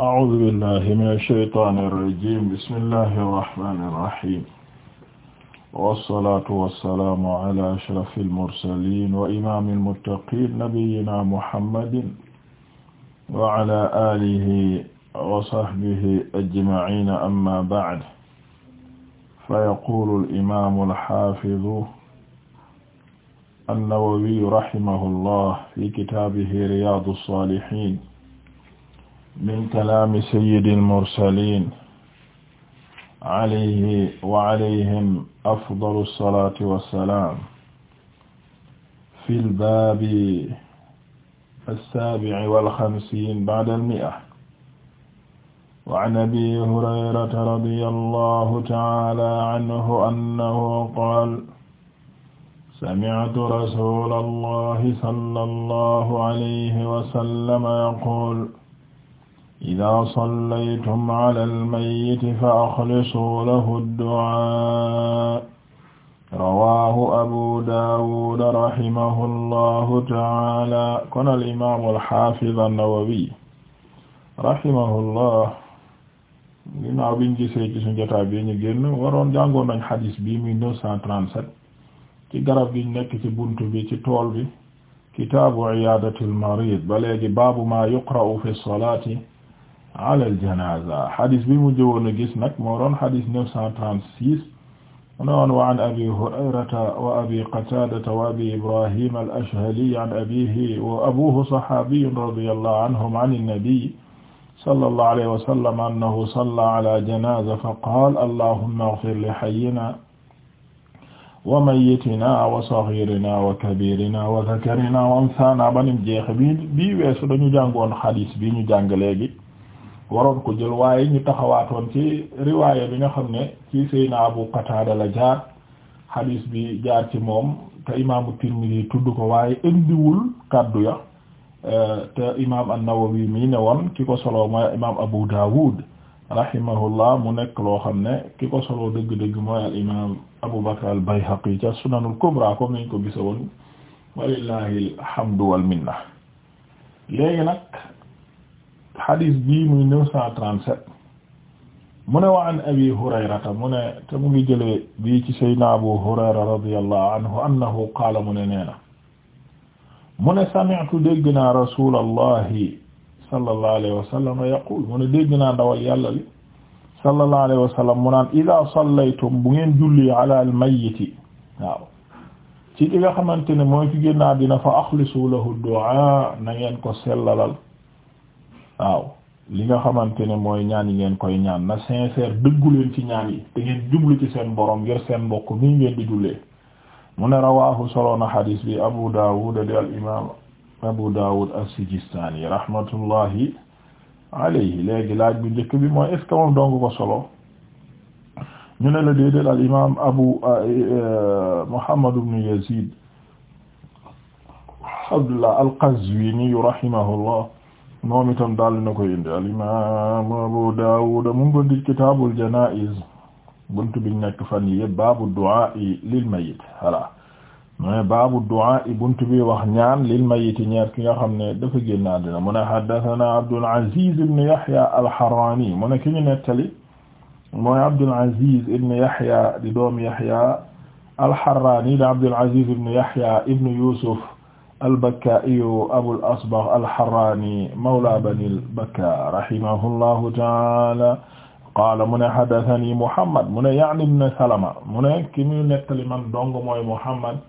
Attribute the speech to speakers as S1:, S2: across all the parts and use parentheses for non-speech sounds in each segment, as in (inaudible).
S1: أعوذ بالله من الشيطان الرجيم بسم الله الرحمن الرحيم والصلاة والسلام على أشرف المرسلين وإمام المتقين نبينا محمد وعلى آله وصحبه أجمعين أما بعد فيقول الإمام الحافظ النووي رحمه الله في كتابه رياض الصالحين min kalaami sayyidil mursaliin alayhi wa alayhim afdalu salaati wa salaam fil baabi as-saabi'i wal xamsiin ba'dal mi'a wa an abii hurayrata radiyallaahu ta'aalaa anhu annahu qaala sami'tu rasuulallaahi sallallaahu alayhi wa sallam yaquulu إذا صليتم على الميت فأخلصوا له الدعاء رواه أبو داود رحمه الله تعالى kon الإمام الحافظ النووي رحمه الله ginnaaw biñ gisee ci suñu jotaay bi ñu génn waroon jàngoon nañ xadis bi 1937 ci garab gi nekk ci bunt bi ci tool bi kitaabu iyaadatil mariid ba léegi baabu maa yuqra'u fi salaati ala al-janaza hadis bi mu jëwoon a gis nag moo doon hadis 936 noon wa an abi hurayrata wa abi qatadata wa abi ibrahim al-ashhali an abihi wa abuhu sahabiyyun radiyallahu anhum an an-nabi sallallahu alayhi wa sallam annahu salla ala janaza fa qala allahumma ighfir li hayyina wa mayyitina wa saghirina wa kabirina wa dhakarina wa unthana banim jeex bi bi weesu dañu jàngoon hadis bi ñu jàng léegi waroon ko jël waaye ñu taxawaatoon ci riwaaya bi nga xam ne ci Seydina Abu Qatada la jaar hadis bi jaar ci moom te imaamu Tirmidhi tudd ko waaye indiwul kaddu ya eh, te imaam an-Nawawi mi ne woon ki ko solo mooy imaam Abu Dawud rahimahullah mu nekk loo xam ne ki ko solo dëgg-dëgg mooy al imaam Abu Bakr al-Bayhaqi ca sunanul kubra comme nañ ko gisa woon walillahi alhamdu wal minna nag xadis bii muy neuf cent trente-sept mu ne wa an abi hurayrata mu ne te mu ngi jëlee bii ci saydna abu hurayra radiyallahu anhu annahu qaala mu ne nee na mu ne sami'tu dégg naa rasulallahi sallallahu alayhi wa sallam yaqul mu ne dégg naa ndawal yàlla li sallallahu alayhi wa sallam mu naan ida sallaytum bu ngeen julli ala al mayyiti waaw ci ki nga xamante ne mooy fi génnaa dina fa axlisu lahu du'a na ngeen ko sellalal waaw li nga xamante ne mooy ñaan yi ngeen koy ñaan na sincère dëggu leen ci ñaan yi te ngeen jublu ci seen borom ngir seen mbokk mi ngeen di jullee mu ne rawaahu solo na xadis bi Abu Dawud di al imaam Abu Dawud as-Sijistani rahmatullahi alayhi léegi laaj bu njëkk bi mooy est moom dong ko solo ñu ne la déedéel al imaam Abu e, e, Muhammad ibn Yazid Abdullah al-Qazwini rahimahullah moom itam daal na koy indi Abu Dawud mu ko di kitaabul janaa'iz buntu bi nekk fan yi yëpp baabu du'a lil mayit voilà baabu du'a buntu bi wax ñaan lil mayit ñeer ki nga xam ne dafa génn àddina mu ne haddathana Abdul Aziz ibn Yahya al-Harrani mu ki ñu nettali Yahya al-Harrani di Abdul Aziz ibn Yahya ibn Yusuf albakka'iyu abul asbagh alharrani mawla banil bakka rahimahullahu ta'ala qaala mu ne haddathani muhammad mu ne ya'ni ibn salama mu ne ki muy nettali man dong mooy muhammad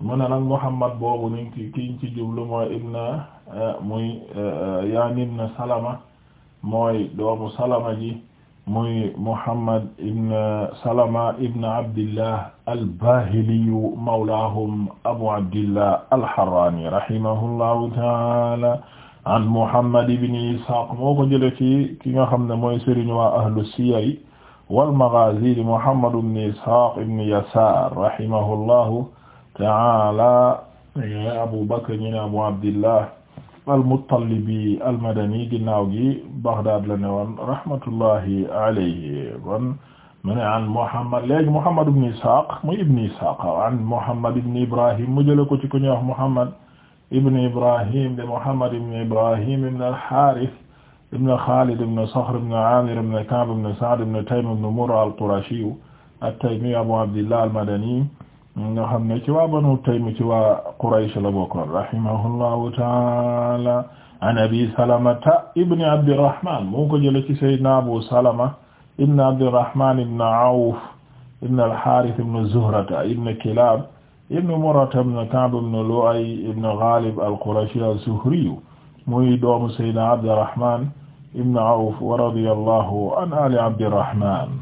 S1: mu ne nag muhammad boobu ni ki kiñ ci jublu mooy ibn eh, muy eh, ya'ni ibn salama mooy doomu salama ji muy muhammad ibn salama ibn abdillah albahiliyu mawlaahum abu abdillah alharrani rahimahullahu taala an muhammad ibn ishaq moo ko jële ci ki nga xam ne mooy sëriñu waa ahlu siyar walmaghazi di muhammad ibn ishaq ibn yasar rahimahullahu taala abu bakr ñu ne abu abdillah almuttalibi almadani ginnaaw gi baghdad la ne woon rahmatullahi alayhi mu ne an Muhammad léegi Muhammad ibn Ishaq muy ibn Ishaq an Muhammad ibn Ibrahim mu jëlee ko ci ku ñuy wax Muhammad ibn Ibrahim de Muhammad ibn Ibrahim ibn al-Harith ibn Khalid ibn Sakhr ibn Amir ibn Ka'b ibn Sa'd ibn Taym ibn Murra al-Qurashi at-Taymi Abu Abdillah al-Madani nga xam ne ci waa Banu Taym ci waa Quraysh la bokkoon rahimahullahu ta'ala an Abi Salamata ibn Abdirrahman mu ko jëlee ci Sayyidina Abu Salama ibn Abdirrahman ibn Awf ibn al-Harith ibn Zuhrata ibn Kilab ibn Murrata ibn Ka'b ibn Lu'ay ibn Ghalib al-Qurashi az-Zuhri muy doomu Sayyidina Abdirrahman ibn Awf wa radiyallahu an ali Abdirrahman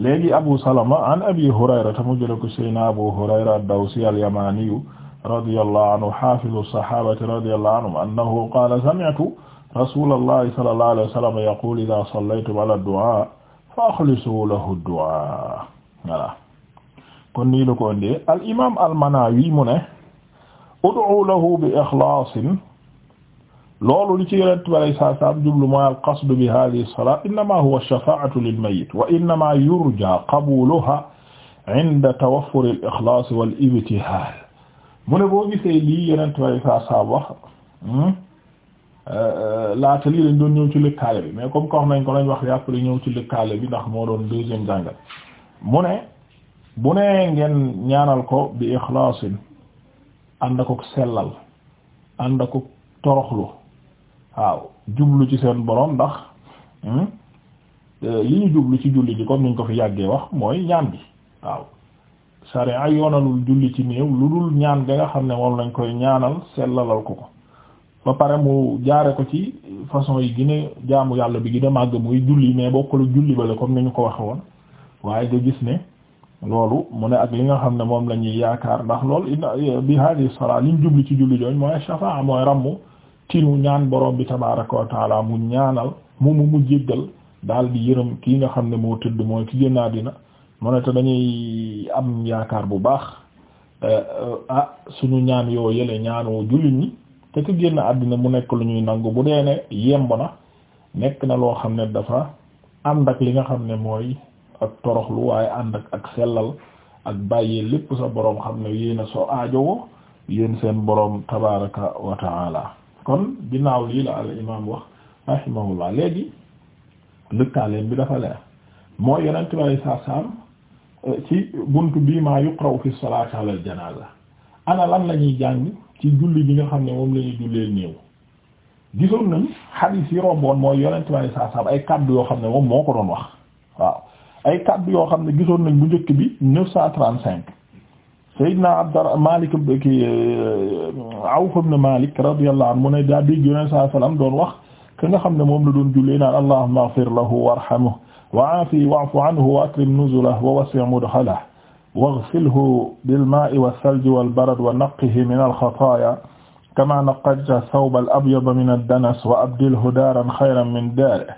S1: léegi Abu Salama an Abi Hurayra mu jël ko Sayyidina Abu Hurayra ad-Dawsi al-Yamani radiyallahu anhu hafizu as-sahabati radiyallahu anhu annahu qala sami'tu rasuulullahi sallallahu alayhi wa sallam yaqulu idaa sallaytum ala du'aa fa axlisuu lahu du'aa voilà kon nii la ko indee al imaam al manaawi mu ne ud'uu lahu bi ixlaasin loolu li ci yonent bi alayhi salaatu salaam jublu mooy al qasdu bi haadihi salaa innamaa huwa shafaa'atu lil mayyit wa innamaa yurjaa qabuuluhaa inda tawaffuri al ixlaas wal ibtihaal mu ne boo gisee lii yonent bi alayhi salaatu salaam wax hmm? Euh, euh, laata lii lañ doon ñëw ci lëkkaale bi mais comme ko wax nañ ko lañ wax après ñëw ci lëkkaale bi ndax moo doon deuxième jàngat mu ne bu ne ngeen ñaanal ko bi ixlaasin ànd akok sellal ànd akok toroxlu waaw jublu ci seen borom ndax hmm, euh, li ñu jublu ci julli ji comme niñ ko fi yàggee wax mooy ñaan bi waaw sare ay yoonalul julli ci néew lu dul ñaan ga nga xam ne moom lañ koy ñaanal sellalal ko ko ba pare mu jaare ko ci façon yi gën a jaamu yàlla bi gën a màgg muy julli mais bokkul julli la comme ni ñu ko waxe woon waaye nga gis ne loolu mu ne ak li nga xam ne moom la ñuy yaakaar ndax lool bi hadi salaa liñ jubli ci julli jooñ mooy shafaa mooy rammu tinu ñaan borom bi tabaaraka wa taala mu ñaanal mu mu mu jéggal daal di yërëm kii nga xam ne moo tëdd mooy ki génn àddina mu ne te dañuy am yaakaar bu baax eh, ah suñu ñaan yoo yële ñaanoo jullit ñi te ku génn àddina mu nekk lu ñuy nangu bu dee ne yemb na nekk na loo xam ne dafa ànd ak li nga xam ne mooy ak toroxlu waaye ànd ak ak sellal ak bàyyee lépp sa boroom xam ne yéen a soo aajowoo yéen seen boroom tabaraka wa taala kon ginnaaw lii la al imaam wax rahimahullah léegi lëkkaaleen bi dafa leer mooy yonent bi saa saam eh, ci buntu bii maa yuqraw fi salaati ala al janaza ana la jàng ci julli bi nga xam ne moom la ñuy jullee néew gisoon nañ xadiis yi romboon mooy yonent ma ne saa saam ay kàddu yoo xam ne moom moo ko doon wax waaw ay kàddu yoo xam ne gisoon nañ bu njëkk bi neuf cent trente-cinq Seydina Abdar Malik ki euh, Awf ibn Malik radiyallahu anhu mu ne daa dégg yonent saa salaam doon wax ka nga xam ne moom la doon jullee naan allahumma ighfir lahu warhamhu wa aafihi wa'fu anhu wa akrim nuzulahu wa wasi' mudkhalahu واغسله بالماء والثلج والبرد ونقه من الخطايا كما نقيت الثوب الأبيض من الدنس وأبدله دارا خيرا من داره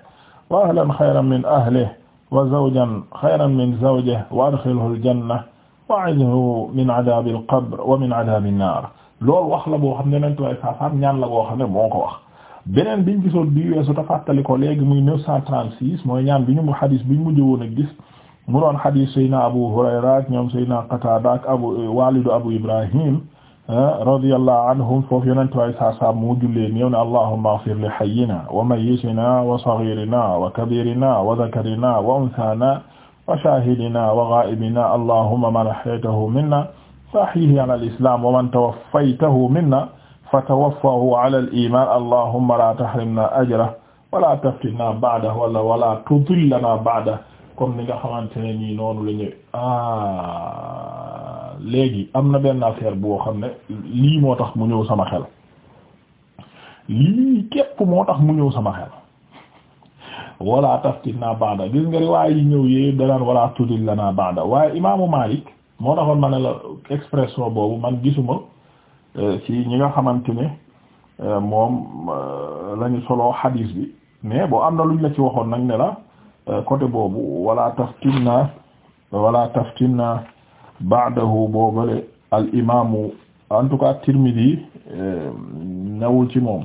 S1: وأهلا خيرا من أهله وزوجا خيرا من زوجه وأدخله الجنة وأعذه من عذاب القبر ومن عذاب النار loolu wax la boo xam ne nent waaye saasaam ñaan la boo xam ne moo ko wax beneen biñ gisoon bi weesu ta fàttali ko léegi muy 936 mooy ñaan bi ñu mu xadis biñ mujj woon a gis mu doon xadiis Seydina Abu Hurayra ak ñoom Seydina Qatada ak abu eh, walidu Abu Ibrahim eh, radiyallahu anhum foofu yonent way saa saa mu jullee ñëw ne allahumma ighfir li hayyina wa mayyitina wa saghirina wa kabirina wa dhakarina wa unthana wa shahidina wa ghaibina allahumma man ahyaytahu minna fa ahyihi ala al-islam wa man tawaffaytahu minna fatawaffahu ala al-iman allahumma la tahrimna ajrahu wa la taftinna ba'dahu wala tudillana ba'dahu comme ni nga xamante ne nii noonu la ah, léegi am na benn affaire boo xam ne lii moo tax mu ñëw sama xel lii képp moo tax mu ñëw sama xel wala taftinaa baada gis nga riwaay yi ñëw yee danaan wala tudil lanaa baada waaye imaamu Maalik moo taxoon ma ne la expression boobu man gisuma si euh, ñi nga xamante ne euh, moom euh, lañu solo xadiis bi mais boo am na luñ la ci waxoon nag ne la Euh, côté boobu wala taftinna wala taftinna ba'dahu boobale al imaamu en tout cas Tirmidhi euh, nawul ci moom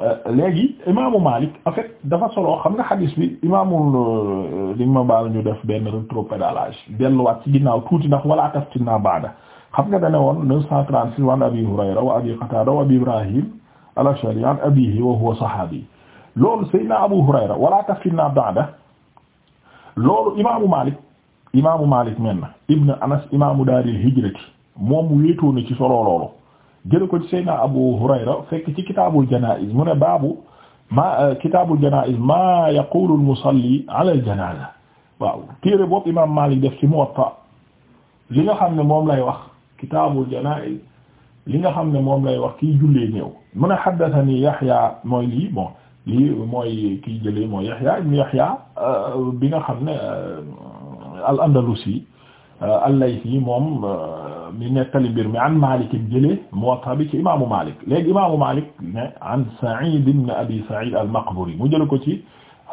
S1: euh, léegi imaamu Malik en fait dafa solo xam nga xadis bi imaamul li ma baal ñu def benn rétropédalage delluwaat ci ginnaaw tuuti ndax wala taftinna ba'da xam nga dane woon 936 Abi Hurayra wa Abi Qatada wa Abi Ibrahim al-Ash'ari an abihi wa huwa sahabi loolu Seydina Abu Hurayra wala taftinna ba'da loolu imaamu Malik imaamu Malik men na ibn Anas imaamu daaril hijrati moom wéetoo na ci solo loolu jël ko ci Seydina Abu Hurayra fekk ci kitaabul janaa'iz mu ne baabu ma euh, kitaabul janaa'iz ma yaqulu al-musalli ala al-janaaza waaw téere boobu imaam Malik def ci Muwatta li nga xam ne moom lay wax kitaabul janaa'iz li nga xam ne moom lay wax kiy jullee néew mu ne haddathani Yahya mooy lii lii mooy kii jëlee mooy Yahya euh, bi nga xam ne al-Andalusi euh, al euh, moom mi nettali mbir mi an Malik jëlee Muwatta bi ci imaamu Malik léegi imaamu Malik ne an Sa'id ibn Abi mu jëlee ko ci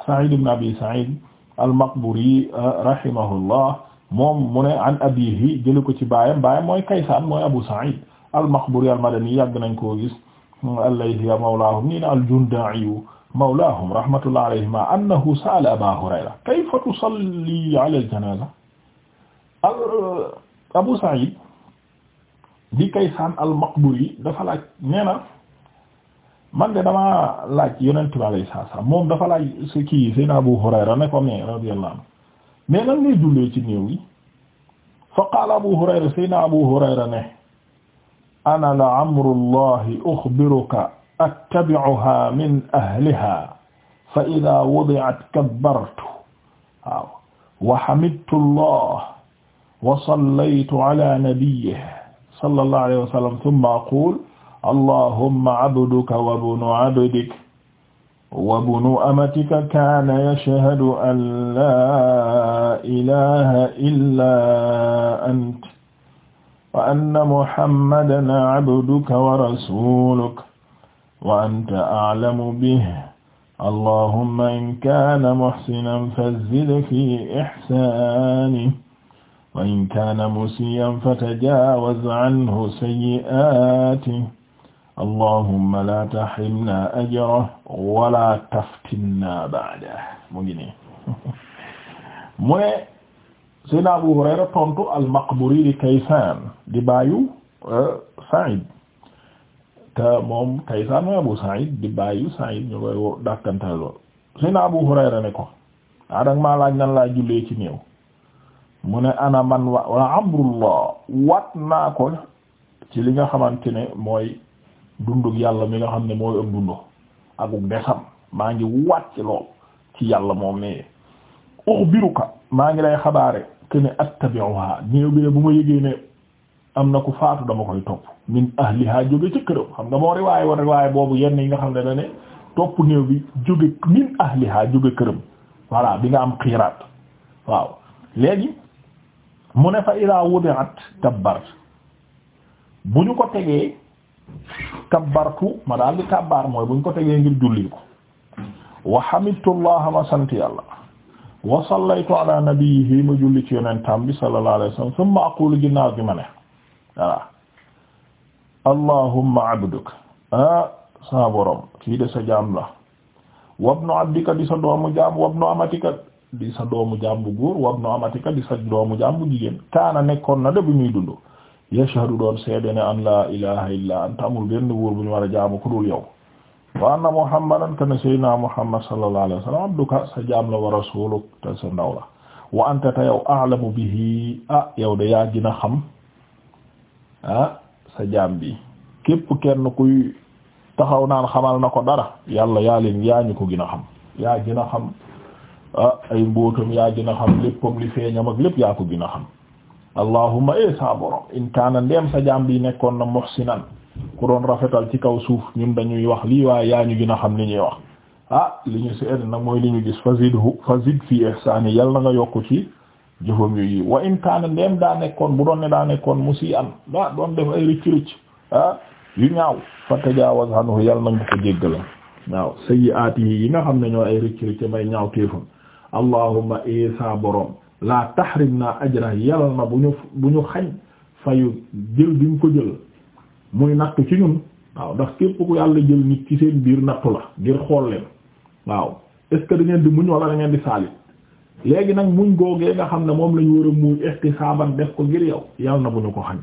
S1: Sa'id ibn Abi Sa'id al-Maqburi rahimahullah moom mu ne an abihi jëlee ko ci baayam baayam mooy Kaysaan mooy Abu Sa'id al-Maqburi al-Madani yàgg nañ koo gis al-Laythi mawlaahum rahmatullah alayhima annahu sa'ala Abaa Hurayra kayfa tusalli ala al-janaaza euh, Abu Saïd di Kaysaan al-Maqburi dafa laaj nee na man de damaa laaj Yonent bi alayhi salaam moom dafa laaj si kii Seydina Abu Hurayra ne ko mais radiyallahu anhu mais nan ngay jullee ci néew yi fa qaala Abu Hurayra Seydina Abu Hurayra ne ana la amrullahi ukhbiruka attabi'uha min ahliha fa idha wudi'at kabbartu waaw wa hamidtu Allah wa sallaytu ala nabiyyihi sallallahu alayhi wa sallam thumma aqulu allahumma abduka wa ibnu abdika wa ibnu amatika kaana yashhadu an laa ilaaha illaa anta wa anna muhammadan abduka wa rasuluka wa anta a'lamu bihi allahumma in kaana muhsinan fazid fi ihsaanihi wa in kaana musii'an fatajaawaz anhu sayyi'aatihi allahumma laa tahrimnaa ajrahu wa laa taftinnaa ba'dahu mu ngi nii (laughs) mu ne Seydina Abu Hurayra tontu al-Maqburi di Kaysaan di baayu eh, Sa'iid te moom Kaysaan mooy Abu Sa'id di baayu Sa'id ñu koy wo dàqanteel lool Seydina Abu Hurayra ne ko ah da maa laaj nan laa jullee ci néew mu ne ana man wa wala amrullah wat naa ko ci li nga xamante ne mooy dundug yàlla mi nga xam ne mooy ak dundu akuk desam maa ngi wat ci lool ci yàlla moom ne uxbiruka maa ngi lay xabaare que ne attabi'uha néew bi ne bu ma yëgee ne. am na ku faatu dama koy topp min ahliha jóge ca këram xam nga moo riwaay war riwaay boobu yenn yi nga xam ne da ne topp néew bi jóge min ahliha jóge këram voilà bi nga am xiiraat waaw léegi mu ne fa ila wudi'at kabbar bu ñu ko tegee kabbartu ma daal di kabbar mooy bu ñu ko tegee ngir julli ko wa hamidtullah ma sant yàlla wa sallaytu ala nabiyhi ma julli ci yonentam bi sallallahu alayhi wasallam summa aqulu ginnaaw gi ma ne voilà allahumma abduka ah sa borom kii de sa jaam la wabnu abdika di sa doomu amatika di sa doomu jaam bu góor wabnu amatika di sa doomu jaam jigéen kaana nekkoon na de bu ñuy dund yashhadu doon seede ne an laa ilaha illa anta amul benn wóor bu ñu war a jaamu ku dul yow wa anna muhammadan kana sayyidina muhammad sallallahu alayhi wa sallam abduka sa jaam la wa rasuluk te sa ndaw wa anta ta yow a'lamu bihi ah yow de yaa a xam ah sa jaam bi képp kenn kuy taxaw naan xamal na ko dara yàlla yaa leen yaa ñu ko gën a xam yaa gën a xam a ah, ay mbóotam yaa gën a xam léppam li feeñam ak lépp yaa ko gën a xam allahumma e sa borom in kaana ndeem sa jaam bi nekkoon na muhsinan ku doon rafetal ci kaw suuf ñun dañuy wax lii waaye yaa ñu gën a xam li ñuy wax ah li ñu seet nag mooy li ñu gis fazidhu fazid fi ihsani yàlla nga yokku ci jëfam yu yiw wa in kaana daa nekkoon bu doon ne daa nekkoon mu si an daa doon def ay rëcc rëcc ah yu ñaaw fa tajaawaz anhu yàlla na nga ko jéggal waaw at yi yi nga xam ne ñoo ay rëcc rëcc may ñaaw téefam allahumma isa e borom la tahrimna ajra yàlla na bu ñu bu ñu xañ fayu jël bi mu ko jël muy natt ci ñun waaw ndax képp ku yàlla jël nit ci seen biir nattu la ngir xool leen waaw est ce que di muñ wala da di saalit léegi nag muñ googee nga xam ne moom la ñu war a muuñ ihtisaaban def ko ngir yow yal na bu ñu ko xañ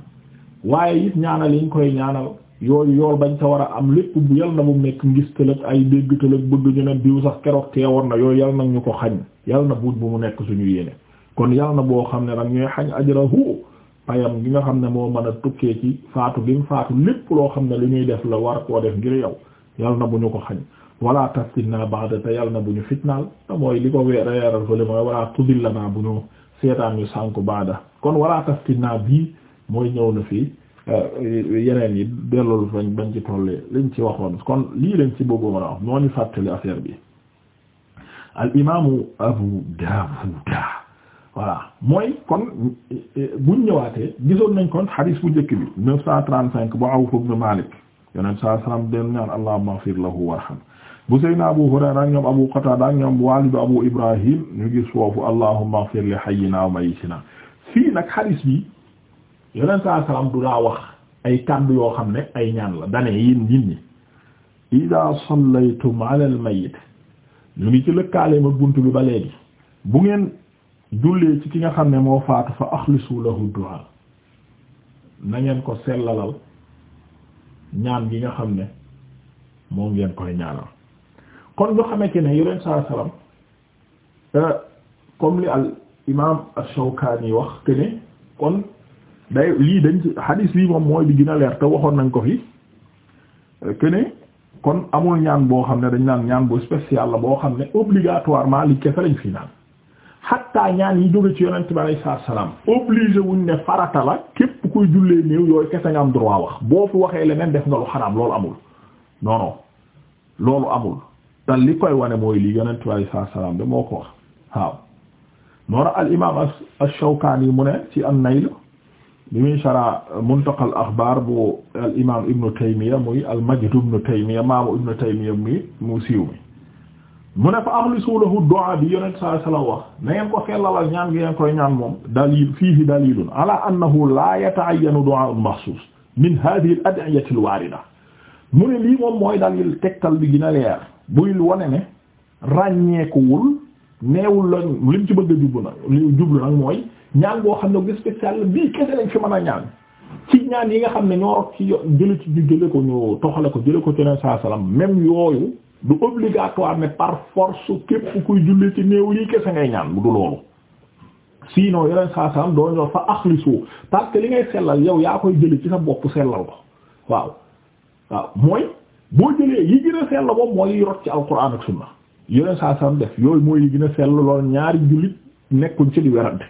S1: waaye it ñaanal yi ñu koy ñaanal yooyu yool bañ sa war a am lépp bu yal na bu nekk ngis tëlëg ay dégg tëlëg bëgg ñu ne diw sax keroog teewoon na yooyu yal na ñu ko xañ yal na buuj bu mu nekk suñu yéene kon yal na boo xam ne nag ñooy xañ ajrahu payam gi nga xam ne moo man a tukkee ci faatu gi mu faatu lépp loo xam ne lu ñuy def la war koo def ngir yow yal na bu ñu ko xañ wala taftinna ba'da te yàlla na bu ñu fitnaal te mooy li ko weer yeeral mooy wala tudillana bu ñu seetaan ñu sànku baada kon wala taftinna bii mooy ñëw na fii euh, yeneen yi dellul fañ bañ ci tollee ci waxoon kon lii lañ ci bëggoon a wax noonu fàttali affaire bi al imaamu Abu Daawuda voilà mooy kon euh, buñ ñëwaatee gisoon nañ kon xadiis bu njëkk bi neuf cent trente-cinq bu Awf saa salaam den ñaan allahumma ighfir lahu warham bu Seydina Abu Hurayra ñoom Abu Qatada ñoom walidu Abu Ibrahim ñu gis foofu allahumma ighfir li hayyina wa mayyitina fii nag hadith bi yonent saa salaam du daa wax ay kàddu yoo xam ne ay ñaan la dane yéen nit ñi ida sallaytum ala al ñu ngi ci lëkkaale ma bunt bi ba léegi bu ngeen jullee ci ki nga xam ne moo faatu fa axlisu lahu du'a na ko sellalal ñaan gi nga xam ne moo ngeen koy ñaanal kon ñu xamante ne yeneen saa salaam comme li al imaam ash-Shawkaani wax que kon day lii dañ ci hadis moom mooy bi gën a leer te waxoon nañ ko fi euh, que kon amul ñaan boo xam ne dañ naan ñaan bu spécial la boo xam ne obligatoirement li kese lañ fi naan xatta ñaan yi jóge ci yonent bi alayhi salaam obligé wuñ ne farata la képp kuy jullee néew yooyu kese nga am droit wax boo fi waxee leneen def nga lu xaraam loolu amul non loolu amul. te li koy wane mooy li yonent salaam de moo ko wax waaw noonu al imaam ash-Shawkaani mu ne ci an bi muy shara Muntaqa al-Axbaar bu al Ibn Taymiyya muy al-Majd Ibn Taymiyya maamu Ibn Taymiyya mi mu siiw mi. du'a bi salaam wax na ngeen ko xelalal ñaan gi ngeen koy ñaan moom dalil fiihi dalilun ala annahu laa yata'ayyanu min haadhihi al-ad'iyati al-waarida mooy dalil tegtal bi gën a buy wone ne ràññeekuwul neewul lañ lim ci bëgg a jublu nag li jublu nag mooy ñaan boo xam ne bu spécial bii kese lañ fi mën a ñaan ci ñaan yi nga xam ne ñoo rot ci yo- jële ci ñu jële ko ñu toxale ko jële ko ci leen saa salaam même yooyu du obligatoire mais par force képp kuy julli ci néew lii kese ngay ñaan bu du loolu sinon yeneen saa salaam doo ñor fa axlisu parce li ngay sellal yow yaa koy jële ci sa bopp sellal ko waaw waaw mooy boo jëlee yi gën a sell moom mooy yi rot ci alquran ak sunna yeneen saa sam def yooyu mooy yi gën a sell lool ñaari jullit nekkuñ ci di werante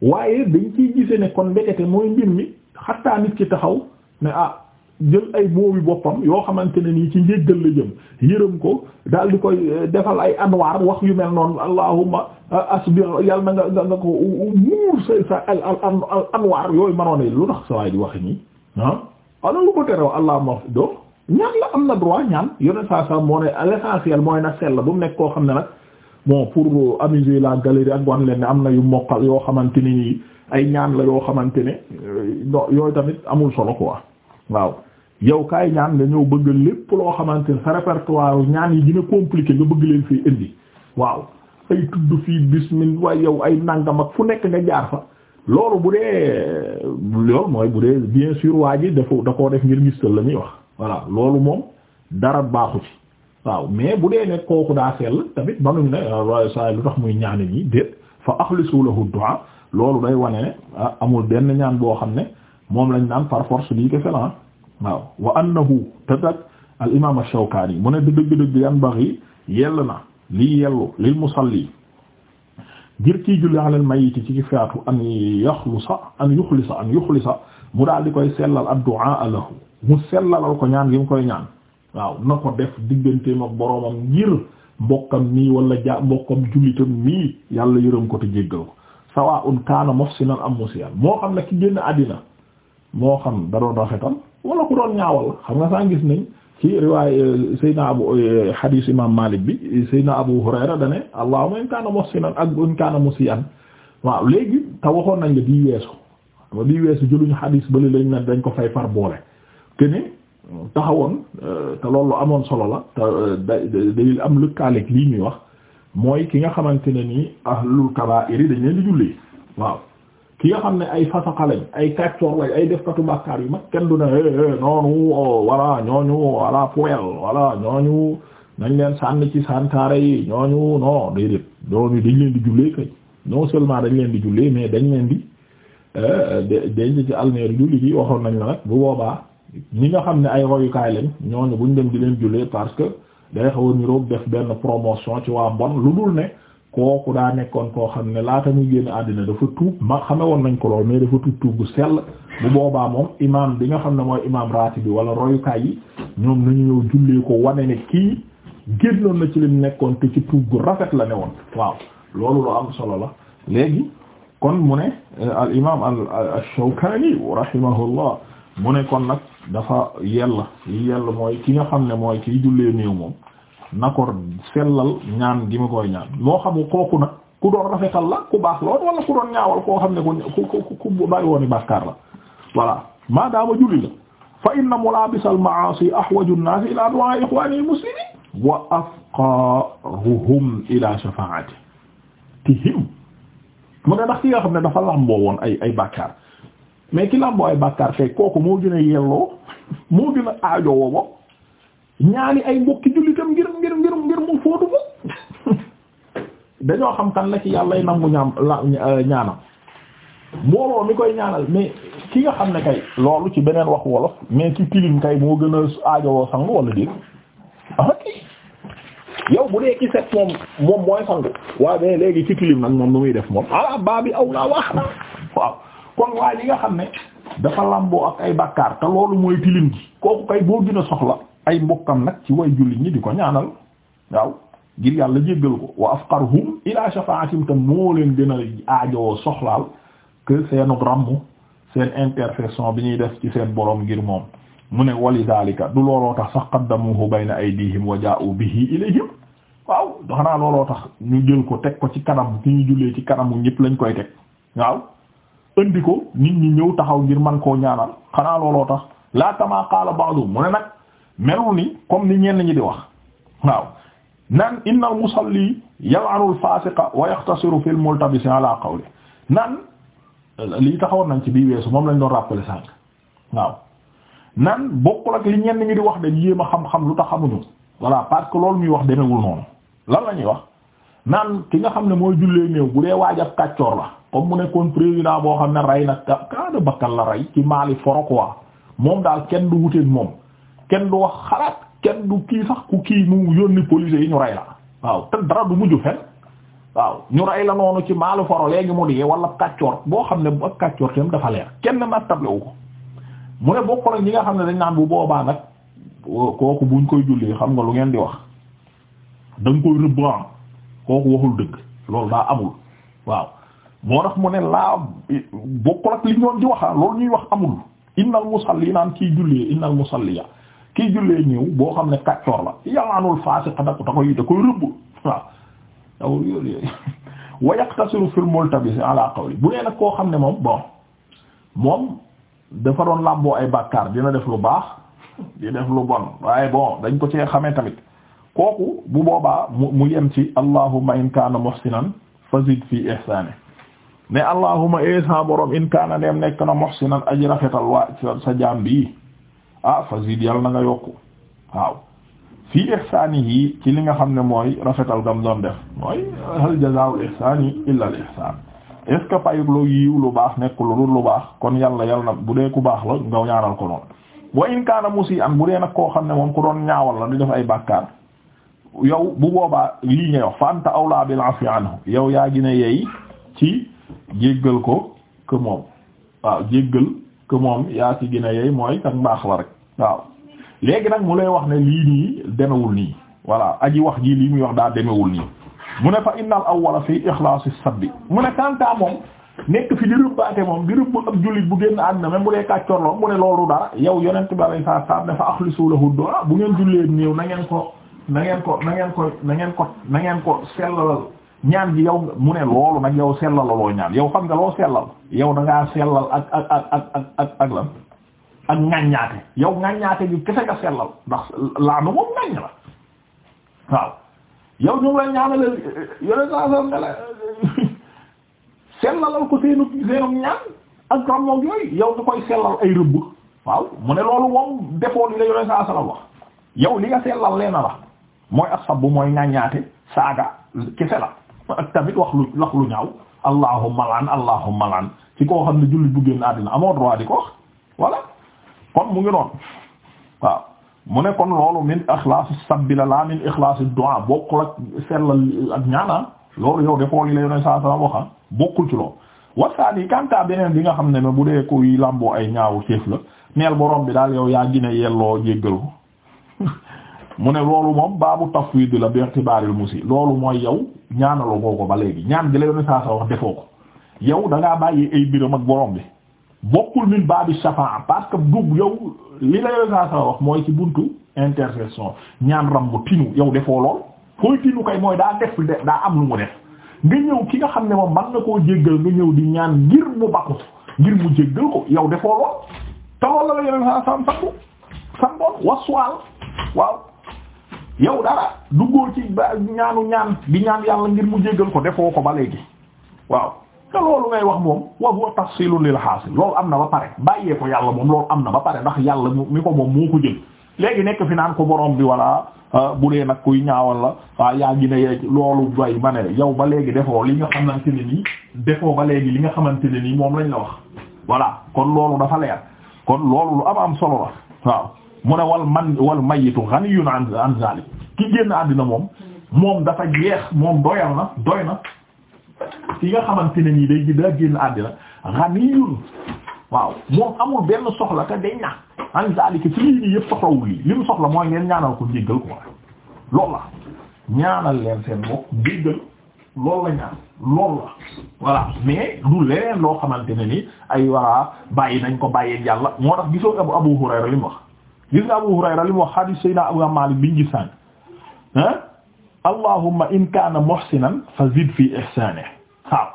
S1: waaye dañ ciy gise ne kon ndekete mooy mbir mi xattaa nit ci taxaw ne ah jël ay moowi boppam yoo xamante ne nii ci njéggal la jëm yërëm ko daal di koy eh, defal ay anwaar wax yu mel noonu allahumma eh, asbir yàlla na nga nga ko muur sa sa al al anwaar yooyu manoon lu tax sa waay di wax nii ah ana ko terew ñaan la am na droit ñaan yonent saa saa moo ne l'essentiel mooy na sell bu mu nekk koo xam ne nag bon pour amuser la galerie ak wan leen ne am na yu mokkal yoo xamante ne ay ñaan la yoo xamante ne euh, yooyu tamit amul solo quoi waaw yow kaay ñaan nga ñëw bëgg lépp loo xamante ne sa répertoire ñaan yi dina compliqué nga bëgg leen fii indi waaw ay tudd fii bismillah waaye yow ay nangam ak fu nekk nga jaar fa loolu bu dee loolu mooy bu dee bien sûr waa ji dafa da koo def ngir ngistal la ñuy wax. voilà loolu moom dara baaxu ci waaw mais bu dee ne kooku daa sell tamit manuñ ne ah, waaye saa lu tax muy ñaan yi déet fa axlisu lahu du'a loolu day wane ne ah, amul benn ñaan boo xam ne moom lañ naan par force lii kese la waaw wa annahu tadak al imam ash-Shawkani mu ne dëgg-dëgg yanbaghi yell na lii yellu lil musalli ngir kii julli ala al mayiti ci faatu an yaxlusa an yuxlisa an yuxlisa mu daal di koy sellal ad-du'a lahu mu sellalal ko ñaan gi mu koy ñaan waaw na ko def digganteem ak boroomam ngir mbokkam nii wala ja mbokkam jullitam nii yàlla yërëm ko te jéggal ko sawaa'un kaana muhsinan am musian moo xam ne ki génn àddina moo xam da doon rafetal wala ku doon ñaawal xam nga saa gis nañ ci riwaay euh, Seydina Abu euh, hadith imam Malik bi Seydina Abu Hurayra dane allahumma in kaana muhsinan ak in kaana musian waaw léegi te waxoon nañ la bii weesu bii weesu jëluñu hadith bali lañ ne dañ ko fay far boole que taxawoon euh, te loolu amoon solo la te euh, day am lii ñuy wax mooy ki nga xamante ne nii ahlul leen di jullee xam ne ay ay kàccoor ay defkatu bàkkaar yu mag kenn du ne eh, eh, eh, noonu walla oh, ñooñu walla poel walla ci santaare yi ñooñu non déedéet ñooñu dañ di jullee kay non seulement dañ leen di jullee mais dañ leen di euh, denc ci almeer julli bi waxoon nañ la nag bu boobaa ñi nga xam ne ay royukaay lañ ñooñu buñ dem di leen jullee parce que day xaw a niroog def benn promotion ci waa bon lu dul ne kooku daa nekkoon koo xam ne laata muy génn àddina dafa tuub ma xame woon nañ ko lool mais dafa tuub tuub bu sell bu boobaa moom imaam bi nga xam ne mooy imaam raati bi wala royukaay yi ñoom nañu ñëw jullee ko wane ne kii génnoon na ci lim nekkoon tu ci tuub gu rafet la ne woon waaw loolu lu am solo la léegi kon mu ne al imaam mu ne kon nag dafa yell li yell mooy ki nga xam ne mooy kiy jullee néew moom na ko sellal ñaan gi mu koy ñaan moo xamu kooku nag ku doon rafetal la ku baax lool wala ku doon ñaawal koo xam ne ku ku ku bari woon i bàkkaar la voilà maadaama julli la fa inna mulabisal ma'asi ahwaju an ila du'a ikhwani al-muslimin wa afqaruhum ila shafa'atihim mu ne nax ki nga xam ne dafa lamboo woon ay ay bàkkaar mais ki làmboo bàkkaar fekk kooku moo gën a yelloo moo gën a aajo wooba ñaani ay mbokki jullitam ngir ngir ngir ngir mu fóotu ko (laughs) dañoo xam kan la ci yàllay nangu euh, ñaanam mbooloo mi koy ñaanal mais ki nga xam ne kay loolu ci beneen wax wolof mais ci tilim kay moo gën a aajowoo sangu wala déet ah, yow bu dee ki set moom moom mooy sangu waaw mais léegi ci tilim nag moom nu muy def moom ala ah, baa bi aw naa wax waaw kon waa ji nga xam ne dafa lamboo ak ay bakkaar te loolu mooy tilim gi kooku kay boo gën a soxla ay mbokkam nag ci way jullit ñi di ko ñaanal waaw ngir yàlla jéggal ko wa afqarhum ila shafaatim tam moo leen gën a aajowoo soxlaal que seenu rammu seen intercession bi ñuy def ci seen borom ngir moom mu ne wali daalika du looloo tax sax qaddamuhu bayna aydihim wa jaa'u bihi ilayhim waaw doxanaa looloo tax ñu jël ko teg ko ci kanam ki ñu jullee ci kanamu ñëpp lañ koy teg indi ko nit ñi ñëw taxaw ngir man koo ñaanal xanaa looloo tax laa kamaa qaala ba'du mu ne nag melul ni comme ni ñenn ñi di wax waaw naan innal musalli yal'anu al-faasiqa wa yaqtasiru fil multabisi ala qawli naan lii taxawoon nañ ci bii weesu moom lañ doon rappeler sànq waaw naan bokkul ak li ñenn ñi di wax de yéem a xam-xam lu tax xamuñu voilà parce que loolu muy wax demewul noonu lan la ñuy wax naan ki nga xam ne mooy jullee néew bu dee waaj la comme mu nekkoon président boo xam ne rey nag ka kaada bakkal la rey ci maali foro quoi moom daal kenn du wuteeg moom kenn du wax xalaat kenn du kii sax ku kii mu yónni police yi ñu rey la waaw te dara du mujj fen waaw ñu rey la noonu ci maalu foro léegi mu dee wala kàccoor boo xam ne ak kàccoor tam dafa leer kenn nattable wu ko mu ne bokk la ñi nga xam ne dañ naan bu boobaa nag kooku buñ koy jullee xam nga lu ngeen di wax da nga koy rëbb ah kooku waxul moo tax mu ne laa bokkul ak li ñu doon di wax lool ñuy wax amul innal musalli naan kii jullee innal musalliya kii jullee ñëw boo xam ne kàccoor la yalaanul faasiqa da ko da koy da koy rëbb waaw yow yooyu yooyu (laughs) wa yaqtasiru fil multabis ala qawli bu nee nag koo xam ne moom bon moom dafa doon làmboo ay bàkkaar dina def lu baax (laughs) di def lu bon waaye bon dañ ko cee xamee tamit kooku bu boobaa mu mu yem ci allahumma in kaana muhsinan fazid fi ihsani ne allahuma esa borom in kaana dem nekk na muhsinan aji rafetal waa sa jaam bi ah fa zid yàlla na nga yokku waaw fii ihsaanihi ci li nga xam ne mooy rafetal gam doon def mooy hal jazaa'u ihsaani illa al ihsaan est payug lu yiw lu baax nekk lu lu baax kon yàlla yàlla na bu dee ku baax la nga ñaaral ko noonu wa in kaana musii'an bu dee nag koo xam ne moom ku doon ñaawal la du def ay bàkkaar yow bu boobaa lii ngay wax fa anta awlaa bil afi anhu yow yaa gine yeey jéggal ko que moom waaw jéggal que moom yaa ci gën a mooy ak mbaax la rek waaw léegi nag mu lay wax ne lii nii demewul nii voilà aji wax ji lii muy wax daa demewul nii mu ne fa innal awwala fi ikhlaasi bi mu ne kantaa moom nekk fi di rëbbaate moom di rëbb ak jullit bu génn àddina même bu dee kàccorloo mu ne loolu dara yow yonent bi alayhi salaam ne fa axlisu lahu du'a bu ngeen jullee néew na ngeen ko na ngeen ko nangeen ko na ngeen ko na ngeen ko ñaan gi yow mu ne loolu nag yow sellal loo ñaan yow xam nga loo sellal yow da ngaa sellal ak ak ak ak lan ak ŋaññaate yow ŋaññaate gi kese nga sellal ndax laanu moom ŋaññ la waaw yow ñu ngi (laughs) yow nga koy sellal ay rëbb waaw mu ne loolu moom defoo li la yore sellal leena la mooy ak sabbu mooy ŋaññaate saaga kese la. ak tamit wax lu wax lu ñaaw allahumma laan allahumma laan ci koo xam ne jullit bu génn àddina amoo droit di ko wax voilà kon mu ngi noonu waaw mu ne kon loolu min ikhlaas sabbi la laa min ikhlaas du'a bokkul ak sellal ak ñaanaan ah. loolu yow defoo li la yoneen saa saa waxa ah. bokkul ci loolu wasaani kanta beneen bi nga xam ne bu dee kuy làmboo ay ñaawu séef la neel borom bi daal yow yaa gine yelloo jéggal ko (laughs) mu ne loolu moom baabu tafwid la bi i'tibaril musi loolu mooy yow ñaanaloo koo ko ba léegi ñaan gi la yoon saa sa wax defoo ko yow da ngaa bàyyi ay biram ak borom bi bokkul min baabi shafa'a parce que dugg yow li la yoon sa wax mooy ci buntu intercession ñaan ram bu tinu yow defoo lool fooy tinu kay mooy daa def daa am lu mu def nga ñëw ki nga xam ne moom man na koo jéggal nga ñëw di ñaan ngir mu bakku ngir mu jéggal ko yow defoo lool te la la yow dara duggoo ci ba ñaanu ñaan di ñaan yàlla ngir mu jéggal ko defoo ko ba léegi waaw te loolu ngay wax moom wa huwa tafsilu lil xaasil loolu am na ba pare bàyyee ko yàlla moom loolu am na ba pare ndax yàlla mi ko moom moo ko jël léegi nekk fi naan ko borom bi wala ah, bu dee nag kuy ñaawal la waa yaa ngi ne yeeg loolu way ma ne yow ba léegi defoo li nga xamante ne nii defoo ba léegi li nga xamante ne nii moom lañ la wax voilà kon loolu dafa leer kon loolu lu am am solo waaw mu ne wal man wal mayitu ghaniyun an an zalik ki génn àddina moom moom dafa jeex moom doyal na doy na ki nga xamante ne nii day daa génn àddina ghaniyun waaw moom amul benn soxla te day na an zalik ci lii nii yëpp soxlawul li mu soxla mooy ngeen ñaanal ko njéggal quoi loolu la ñaanal leen seen bopp ñaan loolu la voilà mais du leneen loo xamante ne ni ay waa bàyyi nañ ko bàyyeen yàlla moo tax gisoo abu hurayra li mu wax gis nga Abu Hurayra li mu wax hadith Seydina Abu Malik biñ gis sànq ah allahumma in kaana muhsinan fa zid fi ihsanihi waaw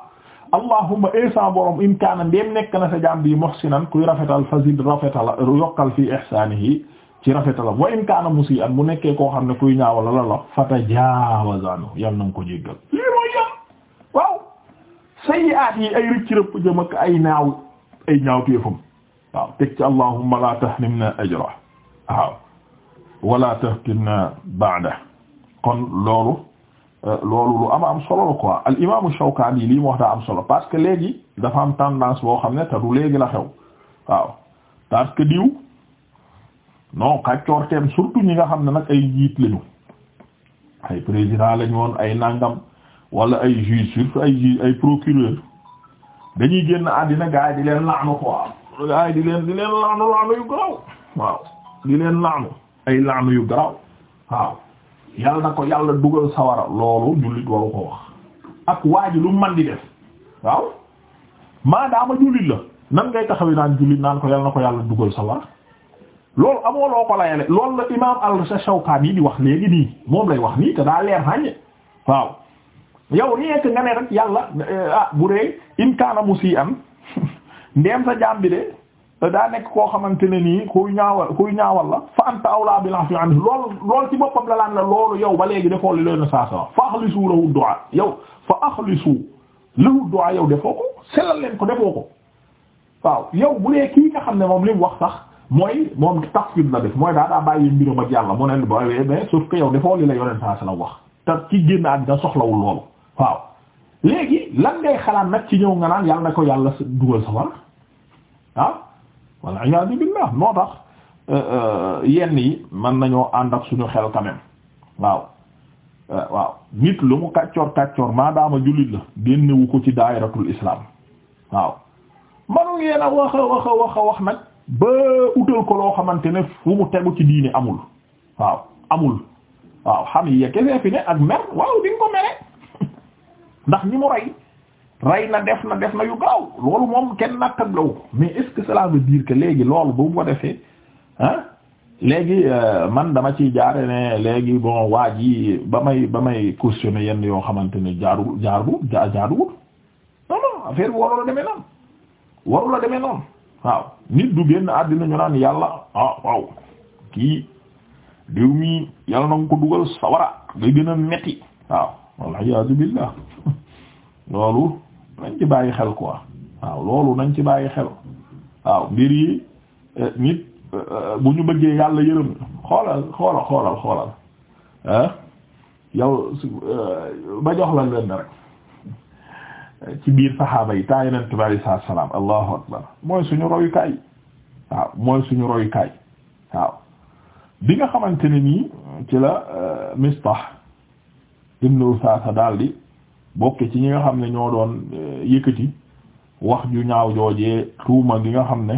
S1: allahumma insa eh, borom in kaana ndéem nekk na sa jaam bi muhsinan kuy rafetal fa zid rafetala yokkal fi ihsanihi ci rafetalam wa in kaana musii'an mu nekkee koo xam ne kuy ñaawal la la fa tajaawaz anhu yal na nga ko jéggal lii mooy yam waaw sayyi'aat yi ay rëcc rëpp jëm ak ay naaw ay ñaaw téefam waaw teg ci allahumma la tahrimna ajra waaw wala tahkimna ba'da kon loolu euh, loolu lu ama am solo la quoi al imaamu Shawkaani lii mu wax daa am solo parce que léegi dafa am tendance boo xam ne te du léegi la xew waaw parce que diw non kàccoorteem surtout ñi nga xam ne nag ay jiit lañu ay président lañu woon ay nangam wala ay juge surtout ay procureur dañuy génn àddina gaa yi di leen laanu quoi gaa yi di leen di leen laanu laanu yu garaw waaw li leen laanu ay laanu yu garaw waaw yàlla na ko yàlla dugal sawara loolu jullit waru ko wax ak waa lu man di def waaw maadaama jullit la nan ngay taxawi naan jullit naan ko yàlla na ko yàlla dugal sawara loolu amoo loo ko layale loolu la imaam al-Shawkaani yi di wax léegi nii moom lay wax nii te daa leer xàññe waaw yow nekk nga ne rek yàlla eh, ah, bu dee in kaana musii'an (laughs) ndeem sa jaam bi de te daa nekk koo xamante ne nii kuy ñaawal kuy ñaawal la fa anta awla bil afi anhu loolu loolu ci boppam la laan yow ba léegi defoo li leen saa saa fa axlisu lahu du'a yow fa axlisu lahu du'a yow defoo ko sellal leen ko defoo ko waaw yow bu dee kii nga xam ne moom li wax sax mooy moom tafsir la def mooy daa daa bàyyi mbiram ak yàlla moo ne ba eh, mais sauf que yow defoo li la yoneen saa saa la wax te ci génn àddina soxlawul loolu waaw léegi lan ngay xalaat nag ci ñëw nga naan yàlla na ko yàlla dugal sa war waaw ah? walla iyaadu billah moo tax euh, euh, yenn yi mën nañoo ànd ak suñu xel quand waaw euh, waaw nit lu mu kàccoor kàccoor maadaama jullit la génnewu ko ci daayiratul islam waaw manu ngeen a wax a wax a wax nag ba utal ko loo xamante ne fu mu tegu ci diini amul waaw amul waaw xam yi kese fi ne ak mer waaw di ko mere (laughs) ndax ñi mu rey rey na def na def na yu gaaw loolu moom kenn nattab lawu mais est-ce que cela veut dire que léegi loolu bu mu ko defee ah léegi euh, man dama ci jaare ne léegi bon waa ji ba may ba may cautionner yenn yoo xamante ne jaaru jaaru jaaruwul non non affaire bi warul a demee noonu warul a demee noonu waaw nit du génn àddina ñu naan yàlla ah waaw kii diw mi yàlla na nga ko dugal sawara nga gën a metti waaw wal iyaadu billah (laughs) loolu nañ ci bàyyi xel quoi waaw loolu nañ ci bàyyi xel waaw mbir yi eh, nit eh, eh, bu ñu bëggee yàlla yërëm xoolal xoolal xoolal xoolal ah yow ba jox la leen rek ci biir saxaaba yi taa yonent bi alayhi salaam allahu akbar mooy suñu royukaay waaw mooy suñu royukaay waaw bi nga xamante ne nii ci la Mistah ibnu Usaasa daal di bokk ci ñi nga xam ne ñoo doon eh, yëkkati wax ju ñaaw joojee tuuma gi nga xam ne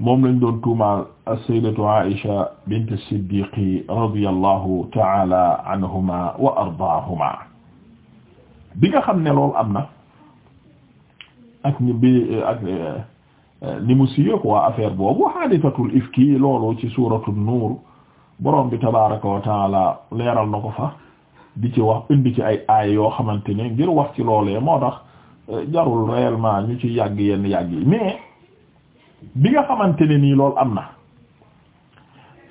S1: moom lañ doon tuumaal as-sayyidatu Aisha bint as-Siddiqi radiyallahu ta'ala anhuma wa ardaahuma bi nga xam ne loolu am na ak ni bi eh, ak eh, ni mu siye quoi affaire boobu haadisatul ifki loolu ci suuratu nuur borom bi tabaaraka wa ta'ala leeral na ko fa di ci wax indi ci ay aay yoo xamante ne ngir wax ci loolee moo tax euh, jarul réellement ñu ci yàgg yenn yàgg yi mais bi nga xamante ne nii loolu am na